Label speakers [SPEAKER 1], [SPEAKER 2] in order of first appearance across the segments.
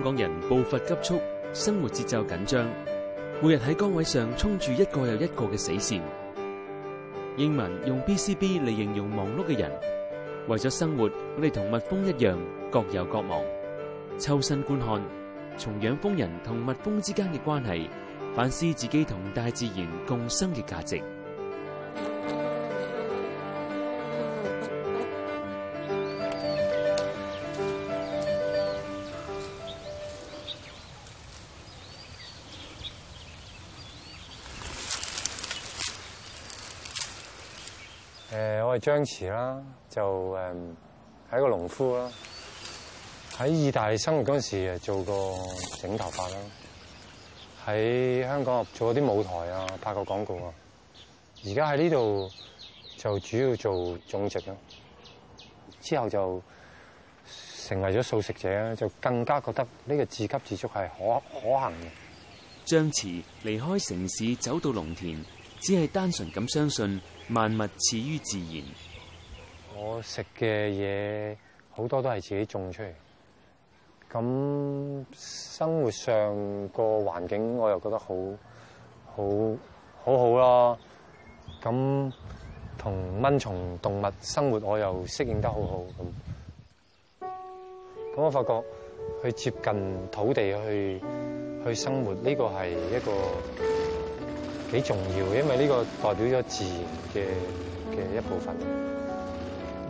[SPEAKER 1] 香港人步伐急速，生活節奏緊張，每日喺崗位上衝住一個又一個嘅死綫。英文用 busy bee 嚟形容忙碌嘅人，為咗生活，我哋同蜜蜂一樣，各有各忙。抽身觀看，從養蜂人同蜜蜂之間嘅關係，反思自己同大自然共生嘅價值。
[SPEAKER 2] 張弛啦，就誒係、嗯、一個農夫啦。喺意大利生活嗰陣時誒，做過整頭髮啦。喺香港做過啲舞台啊，拍過廣告啊。而家喺呢度就主要做種植啦。之後就成為咗素食者，就更加覺得呢個自給自足係可可行嘅。張弛離開城
[SPEAKER 1] 市走到農田，只係單純咁相信。萬物始於自然，
[SPEAKER 2] 我吃的東西。我食嘅嘢好多都係自己種出嚟，咁生活上個環境我又覺得好好，好好好、啊、咯。咁同蚊蟲動物生活我又適應得很好好咁。咁我發覺去接近土地去去生活呢個係一個。幾重要，因為呢個代表咗自然嘅嘅一部分。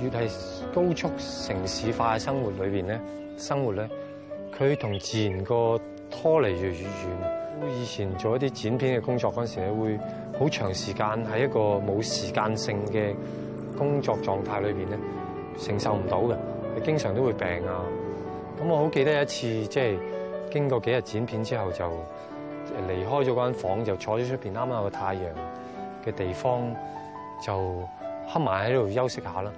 [SPEAKER 2] 越係高速城市化嘅生活裏邊咧，生活咧，佢同自然個拖離越嚟越遠。以前做一啲剪片嘅工作嗰陣時咧，會好長時間喺一個冇時間性嘅工作狀態裏邊咧，承受唔到嘅，你經常都會病啊。咁我好記得有一次，即係經過幾日剪片之後就。離開咗嗰間房，就坐咗出邊，啱啱有個太陽嘅地方，就黑埋喺度休息下啦。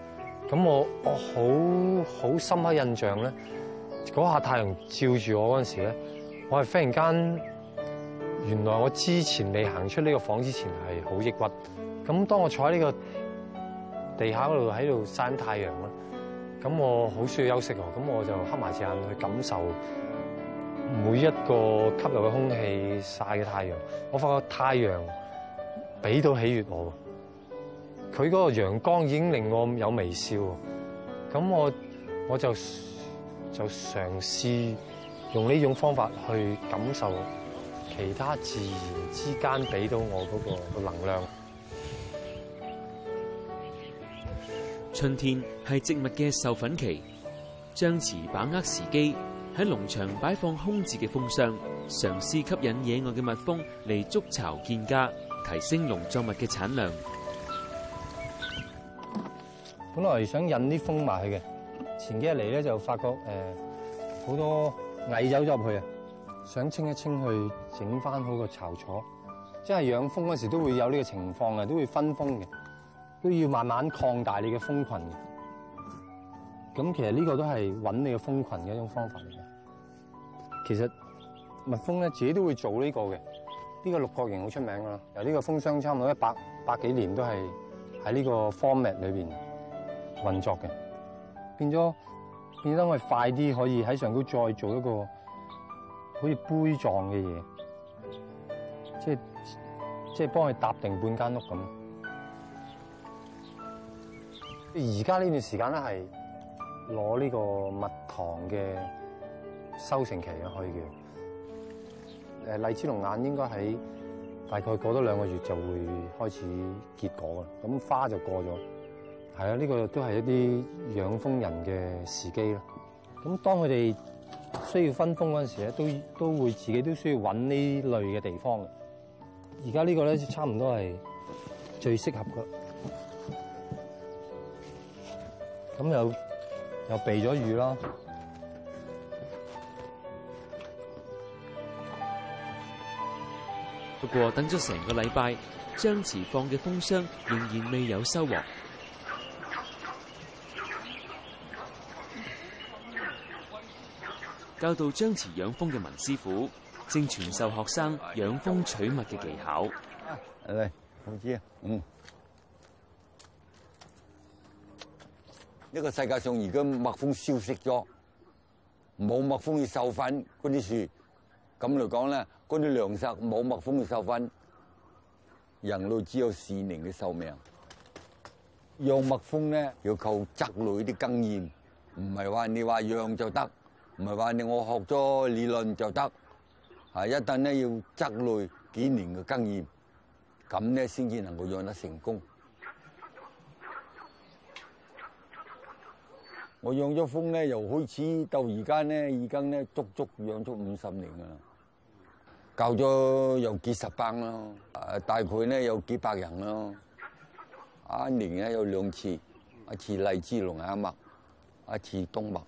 [SPEAKER 2] 咁我我好好深刻印象咧，嗰下太陽照住我嗰陣時咧，我係忽然間，原來我之前未行出呢個房之前係好抑鬱。咁當我坐喺呢個地下嗰度喺度曬太陽啦，咁我好需要休息喎。咁我就黑埋隻眼去感受。每一個吸入嘅空氣、曬嘅太陽，我發覺太陽俾到喜悅我。佢嗰個陽光已經令我有微笑。咁我我就就嘗試用呢種方法去感受其他自然之間俾到我嗰個能量。
[SPEAKER 1] 春天係植物嘅授粉期，將持把握時機。喺農場擺放空置嘅蜂箱，嘗試吸引野外嘅蜜蜂嚟築巢建家，提升農
[SPEAKER 2] 作物嘅產量。本來想引啲蜂埋去嘅，前幾日嚟咧就發覺誒好、呃、多蟻走咗入去啊！想清一清去整翻好個巢坐即係養蜂嗰時都會有呢個情況啊，都會分蜂嘅，都要慢慢擴大你嘅蜂群。咁其實呢個都係揾你個蜂群嘅一種方法嚟嘅。其實蜜蜂呢，自己都會做呢個嘅，呢個六角形好出名㗎啦。由呢個蜂箱差唔多一百百幾年都係喺呢個 format 裏面運作嘅，變咗變得我哋快啲可以喺上高再做一個好似杯狀嘅嘢，即係即係幫佢搭定半間屋咁。而家呢段時間呢係。攞呢個蜜糖嘅收成期啊，可以叫誒，荔枝龍眼應該喺大概過多兩個月就會開始結果啦。咁花就過咗，係啊，呢個都係一啲養蜂人嘅時機啦。咁當佢哋需要分蜂嗰陣時咧，都都會自己都需要揾呢類嘅地方嘅。而家呢個咧差唔多係最適合嘅，咁又。又避咗雨咯。不過等咗
[SPEAKER 1] 成個禮拜，張慈放嘅蜂箱仍然未有收穫。教導張慈養蜂嘅文師傅，正傳授學生養蜂取蜜嘅技巧。
[SPEAKER 3] 喂、啊，胡姐，嗯。呢個世界上而家蜜蜂消失咗，冇蜜蜂要授粉嗰啲樹，咁嚟講咧，嗰啲糧食冇蜜蜂要授粉，人類只有四年嘅壽命。養蜜蜂咧要靠積累啲經驗，唔係話你話養就得，唔係話你我學咗理論就得，啊，一旦咧要積累幾年嘅經驗，咁咧先至能夠養得成功。我養咗蜂咧，由開始到而家咧，已經咧足足養咗五十年啦，教咗有幾十班咯，誒，大概咧有幾百人咯，一年咧有兩次，一次荔枝龍眼蜜，一次冬蜜。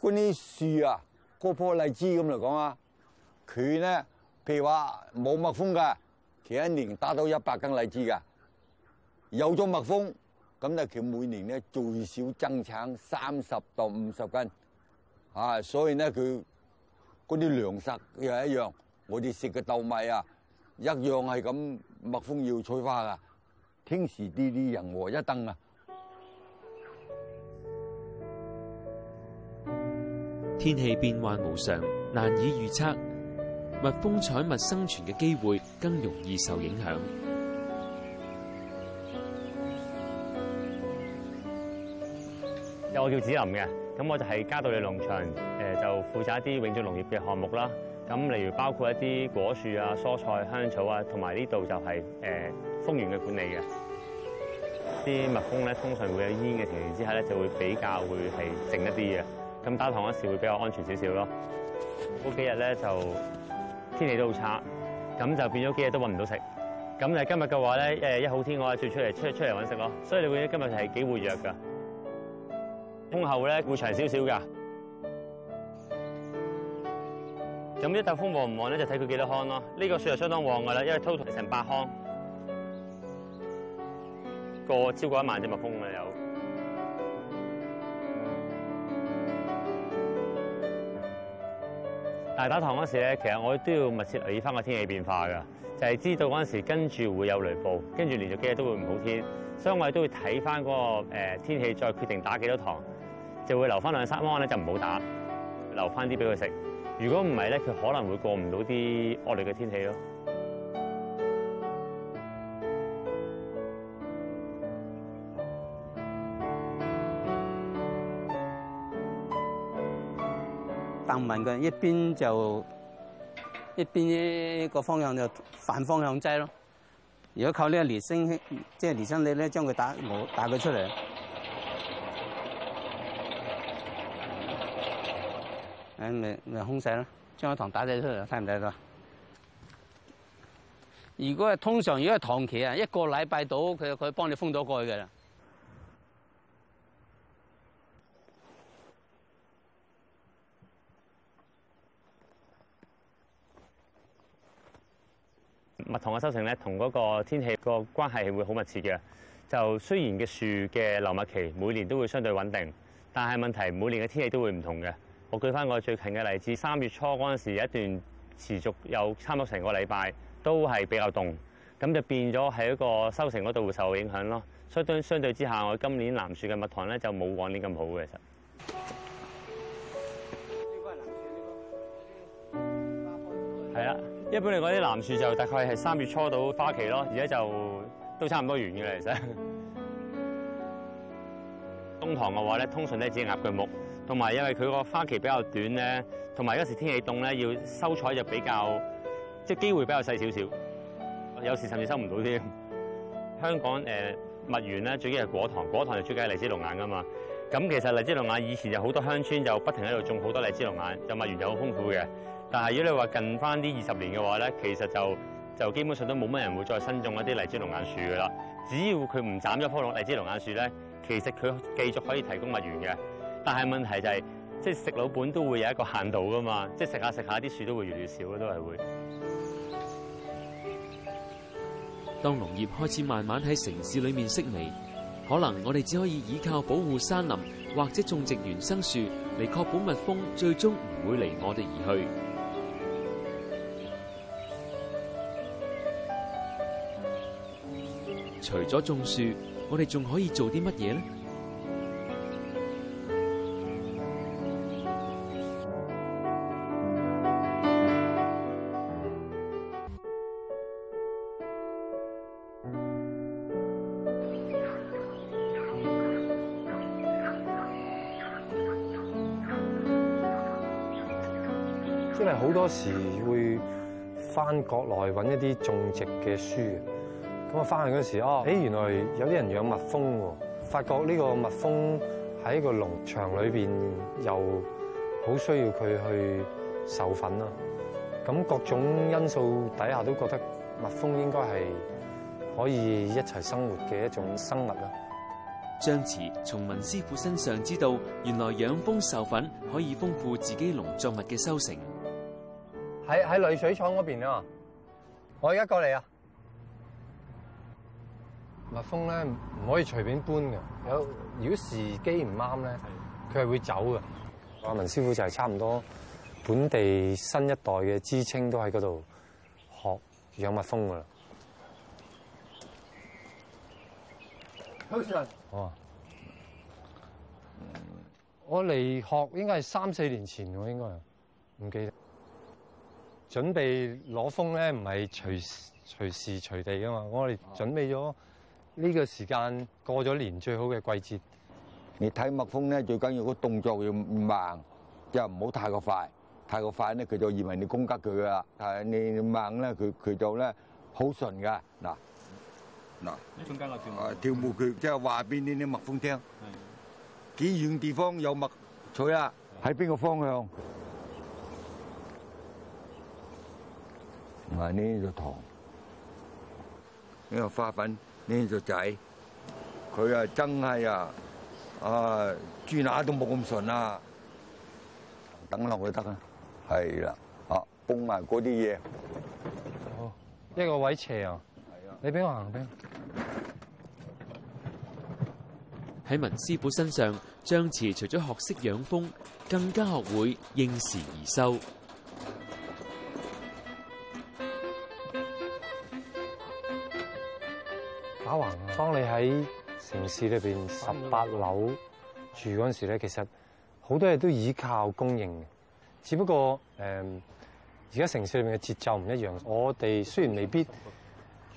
[SPEAKER 3] 嗰啲樹啊，嗰樖荔枝咁嚟講啊，佢咧，譬如話冇蜜蜂㗎，佢一年打到一百斤荔枝噶，有咗蜜蜂。咁咧，佢每年咧最少增產三十到五十斤，啊！所以咧，佢嗰啲糧食又一樣，我哋食嘅豆米啊，一樣係咁蜜蜂要採花噶，天時地利人和一等啊！
[SPEAKER 1] 天氣變幻無常，難以預測，蜜蜂採蜜生存嘅機會
[SPEAKER 4] 更容易受影響。有我叫子林嘅，咁我就係嘉道理農場，誒就負責一啲永續農業嘅項目啦。咁例如包括一啲果樹啊、蔬菜、香草啊，同埋呢度就係誒蜂園嘅管理嘅。啲蜜蜂咧通常會有煙嘅情形之下咧，就會比較會係靜一啲嘅。咁打糖嗰時會比較安全少少咯。嗰幾日咧就天氣都好差，咁就變咗幾日都搵唔到食。咁你今日嘅話咧，誒一，天一，天一天好天我啊跳出嚟出嚟出嚟搵食咯。所以你會今日係幾活躍噶？蜂后咧會長點點看看少少噶咁啲蜜蜂旺唔旺咧就睇佢幾多框咯。呢、這個樹就相當旺噶啦，因為 total 成八框，過超過一萬隻蜜蜂嘅有。但係打糖嗰時咧，其實我都要密切留意翻個天氣變化噶，就係、是、知道嗰陣時候跟住會有雷暴，跟住連續幾日都會唔好天，所以我哋都會睇翻嗰個誒、呃、天氣，再決定打幾多糖。就會留翻兩三安，咧，就唔好打，留翻啲俾佢食。如果唔係咧，佢可能會過唔到啲惡劣嘅天氣咯。彈民嘅一邊就一邊一個方向就反方向擠咯。如果靠呢個離心力，即係、離心力呢個離心力即係離心力嚟咧，將佢打冇打佢出嚟。你咪空曬啦，將個糖打曬出嚟睇唔睇到？如果係，通常如果係糖期啊，一個禮拜到佢就可以幫你封咗蓋嘅啦。蜜糖嘅收成咧，同嗰個天氣個關係係會好密切嘅。就雖然嘅樹嘅流蜜期每年都會相對穩定，但係問題每年嘅天氣都會唔同嘅。我舉翻我最近嘅例子，三月初嗰陣時候一段持續有差唔多成個禮拜，都係比較凍，咁就變咗喺一個收成嗰度會受到影響咯。相對相對之下，我今年南樹嘅蜜糖咧就冇往年咁好嘅，其實。係啊，一般嚟講啲南樹就大概係三月初到花期咯，而家就都差唔多完嘅啦，其實。冬糖嘅話咧，通常都係指鴨腳木。同埋，因為佢個花期比較短咧，同埋有時天氣凍咧，要收採就比較即係機會比較細少少。有時甚至收唔到添。香港誒、呃、蜜源咧，最緊係果糖，果糖就出緊荔枝龍眼㗎嘛。咁其實荔枝龍眼以前就好多鄉村就不停喺度種好多荔枝龍眼，就蜜源就好豐富嘅。但係如果你話近20年的話，近翻呢二十年嘅話咧，其實就就基本上都冇乜人會再新種一啲荔枝龍眼樹㗎啦。只要佢唔斬咗棵落荔枝龍眼樹咧，其實佢繼續可以提供蜜源嘅。但係問題就係、是，即係食老本都會有一個限度噶嘛，即係食下食下啲樹都會越嚟越少，都係會。當農業開始慢慢喺城市裏面式微，可能我哋
[SPEAKER 1] 只可以依靠保護山林或者種植原生樹嚟確保蜜蜂最終唔會離我哋而去。除咗種樹，我哋仲可以做啲乜嘢呢？
[SPEAKER 2] 因為好多時會翻國內搵一啲種植嘅書，咁啊翻去嗰時哦，誒，原來有啲人養蜜蜂，蜂，發覺呢個蜜蜂喺個農場裏邊又好需要佢去授粉啦。咁各種因素底下都覺得蜜蜂，蜂應該係可以一齊生活嘅一種生物啦。
[SPEAKER 1] 張子從文師傅身上知道，原來養蜂授粉可以豐富自己農
[SPEAKER 2] 作物嘅收成。喺喺濾水廠嗰邊啊嘛！我而家過嚟啊！蜜蜂咧唔可以隨便搬嘅，有如果時機唔啱咧，佢係會走嘅。阿文師傅就係差唔多本地新一代嘅知青，都喺嗰度學養蜜蜂噶啦。
[SPEAKER 3] 好
[SPEAKER 2] 好啊，我嚟學應該係三四年前喎，應該係唔記得。準備攞蜂咧，唔係隨
[SPEAKER 3] 隨時隨地噶嘛，我哋準備咗呢個時間，過咗年最好嘅季節。你睇蜜蜂咧，最緊要個動作要慢，即係唔好太過快。太過快咧，佢就以為你攻擊佢噶啦。但係你你慢咧，佢佢就咧好順噶。嗱嗱，跳舞跳舞，佢即係話俾呢啲蜜蜂聽，幾遠地方有蜜取啊？喺邊個方向？埋、這、呢個糖，呢、這個花粉，呢、這個仔，佢啊真係啊啊豬乸都冇咁順啦，等落去得啦。係啦，啊崩埋嗰啲嘢。
[SPEAKER 2] 哦，一個位斜啊！你俾我行先。
[SPEAKER 1] 喺文師傅身上，張慈除咗學識養蜂，更加學會應
[SPEAKER 2] 時而收。當你喺城市裏邊十八樓住嗰陣時咧，其實好多嘢都依靠供應嘅，只不過誒而家城市裏面嘅節奏唔一樣。我哋雖然未必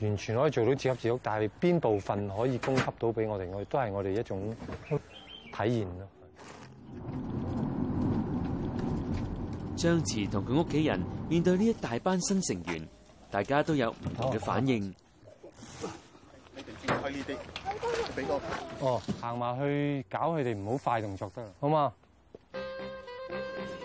[SPEAKER 2] 完全可以做到自給自足，但係邊部分可以供給到俾我哋，我哋都係我哋一種體驗咯。
[SPEAKER 1] 張馳同佢屋企人面對呢一大班新成員，大家都有唔同
[SPEAKER 2] 嘅反應。
[SPEAKER 4] 係呢啲俾
[SPEAKER 2] 我哦，行埋去搞佢哋，唔好快動作得啦，好嘛？嗯嗯嗯。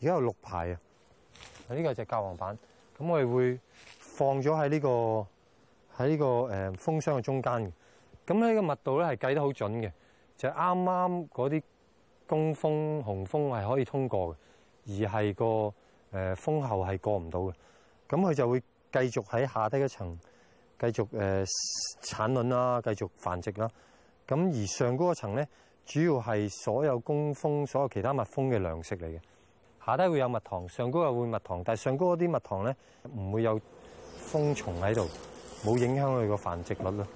[SPEAKER 2] 而家有六排啊！呢個係隻膠黃板咁，我哋會放咗喺呢個喺呢個誒蜂箱嘅中間嘅。咁呢個密度咧係計得好準嘅，就係啱啱嗰啲工蜂、雄蜂係可以通過嘅，而係個誒蜂後係過唔到嘅。咁佢就會繼續喺下低嗰層繼續誒、呃、產卵啦，繼續繁殖啦。咁而上嗰個層咧，主要係所有工蜂、所有其他蜜蜂嘅糧食嚟嘅。下低會有蜜糖，上高又會蜜糖，但係上高嗰啲蜜糖咧唔會有蜂蟲喺度，冇影響佢個繁殖率咯。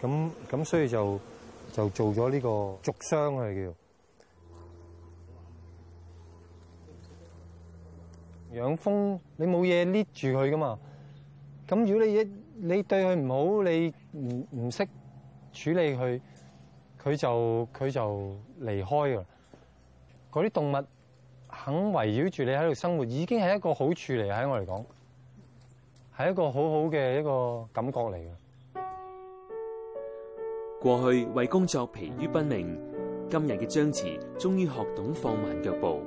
[SPEAKER 2] 咁咁所以就就做咗呢個俗箱係叫養蜂，你冇嘢捏住佢噶嘛？咁如果你一你對佢唔好，你唔唔識處理佢，佢就佢就離開㗎喇。嗰啲動物。肯圍繞住你喺度生活，已經係一個好處嚟，喺我嚟講，係一個好好嘅一個感覺嚟嘅。
[SPEAKER 1] 過去為工作疲於奔命，今日嘅張馳終於學懂放慢腳步，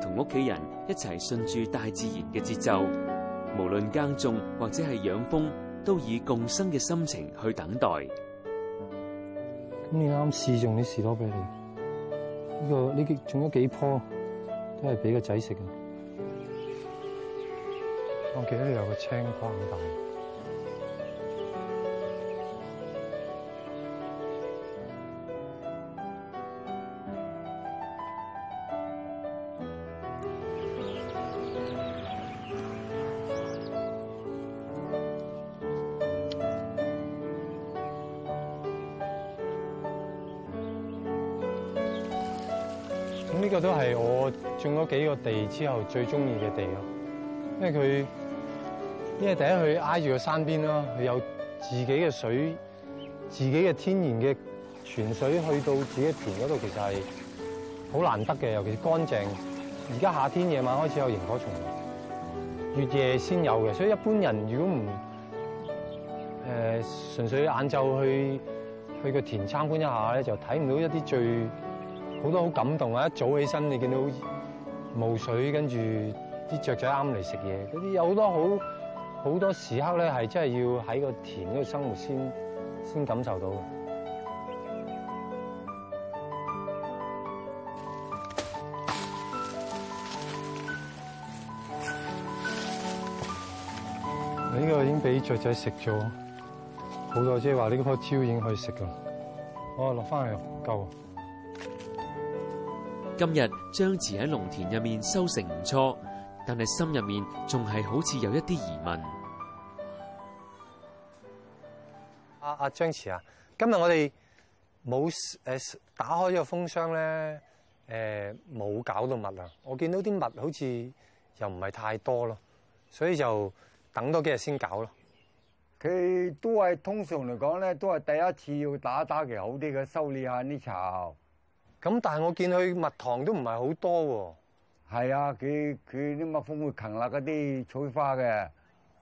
[SPEAKER 1] 同屋企人一齊順住大自然嘅節奏，無論耕種或者係養蜂，都以共生嘅心情去等待。
[SPEAKER 2] 咁你啱啱試種啲士多啤梨。呢、這個呢幾種咗幾棵。都係俾個仔食嘅。我記得有個青瓜咁大。咁呢個都係我。種咗幾個地之後，最中意嘅地咯，因為佢，因為第一佢挨住個山邊咯，佢有自己嘅水，自己嘅天然嘅泉水去到自己嘅田嗰度，其實係好難得嘅，尤其是乾淨。而家夏天夜晚開始有螢火蟲，月夜先有嘅，所以一般人如果唔誒純粹晏晝去去個田參觀一下咧，就睇唔到一啲最好多好感動啊！一早起身你見到。霧水，跟住啲雀仔啱嚟食嘢，嗰啲有好多好好多時刻咧，係真係要喺個田嗰度生活先先感受到。呢個已經俾雀仔食咗好多，即係話呢棵蕉已經可以食啦。我落翻嚟夠。
[SPEAKER 1] 今日張馳喺農田入面收成唔錯，但係心入面仲係好似有一啲疑問。
[SPEAKER 2] 阿、啊、阿張馳啊，今日我哋冇誒打開咗個蜂箱咧，誒、呃、冇搞到蜜啊！我見到啲蜜好似又唔係太多
[SPEAKER 3] 咯，所以就等多幾日先搞咯。佢都係通常嚟講咧，都係第一次要打打嘅好啲嘅，修理下呢巢。咁但係我見佢蜜糖都唔係好多喎。係啊，佢佢啲蜜蜂會勤力嗰啲採花嘅。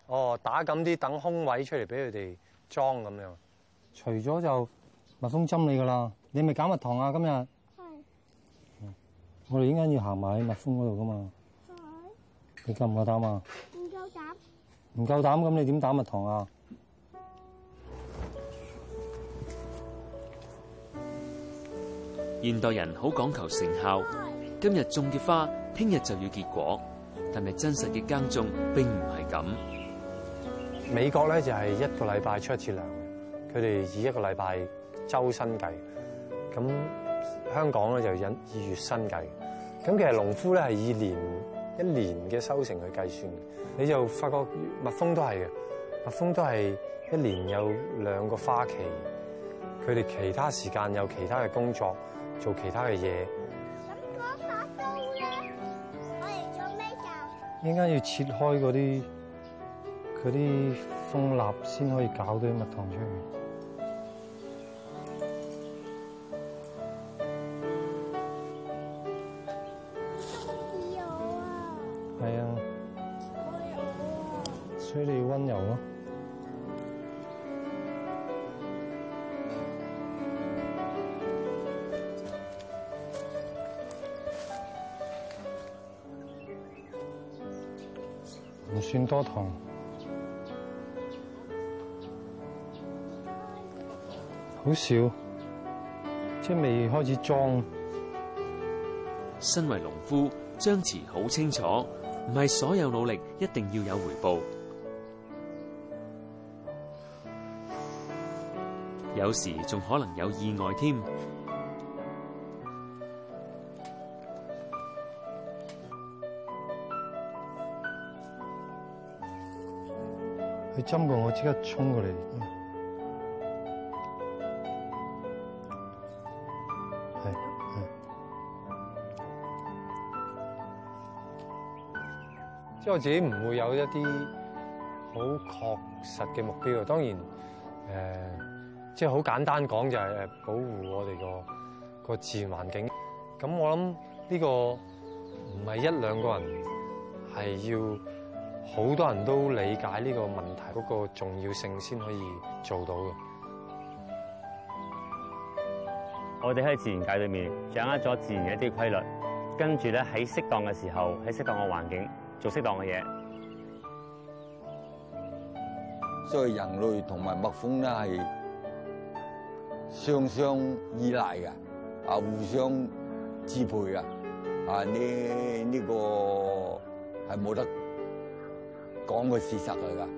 [SPEAKER 3] 哦，
[SPEAKER 2] 打咁啲等空位出嚟俾佢哋裝咁樣。除咗就蜜蜂針你噶啦，你咪揀蜜糖啊！今日係，我哋應該要行埋喺蜜蜂嗰度噶嘛。你夠唔夠膽啊？唔夠膽。唔夠膽咁，你點打蜜糖啊？
[SPEAKER 1] 現代人好講求成效，今日種嘅花，聽日就要結果。但係真實嘅
[SPEAKER 2] 耕種並唔係咁。美國咧就係一個禮拜出一次糧，佢哋以一個禮拜週薪計。咁香港咧就以月薪計。咁其實農夫咧係以年一年嘅收成去計算。你就發覺蜜蜂都係嘅，蜜蜂都係一年有兩個花期，佢哋其他時間有其他嘅工作。做其他嘅嘢。咁嗰把刀咧，我哋做咩就？依家要切開嗰啲，嗰啲蜂蠟先可以搞到啲蜜糖出嚟。唔算多糖，好少，即未開始裝。
[SPEAKER 1] 身為農夫，張慈好清楚，唔係所有努力一定要有回報，有時仲可能有意外添。
[SPEAKER 2] 針過我即刻衝過嚟，係係。即係我自己唔會有一啲好確實嘅目標。當然，誒、呃，即係好簡單講就係誒，保護我哋個、那個自然環境。咁我諗呢個唔係一兩個人係要。好多人都理解呢個問題嗰個重要性，先可以做到嘅。我哋喺自然界裏面掌握咗
[SPEAKER 4] 自然嘅一啲規律，跟住咧喺適當嘅時候，喺適當嘅環境做適當嘅嘢。
[SPEAKER 3] 所以人類同埋蜜蜂咧係雙雙依賴嘅，啊互相支配嘅，啊呢呢、這個係冇得。講個事實嚟噶。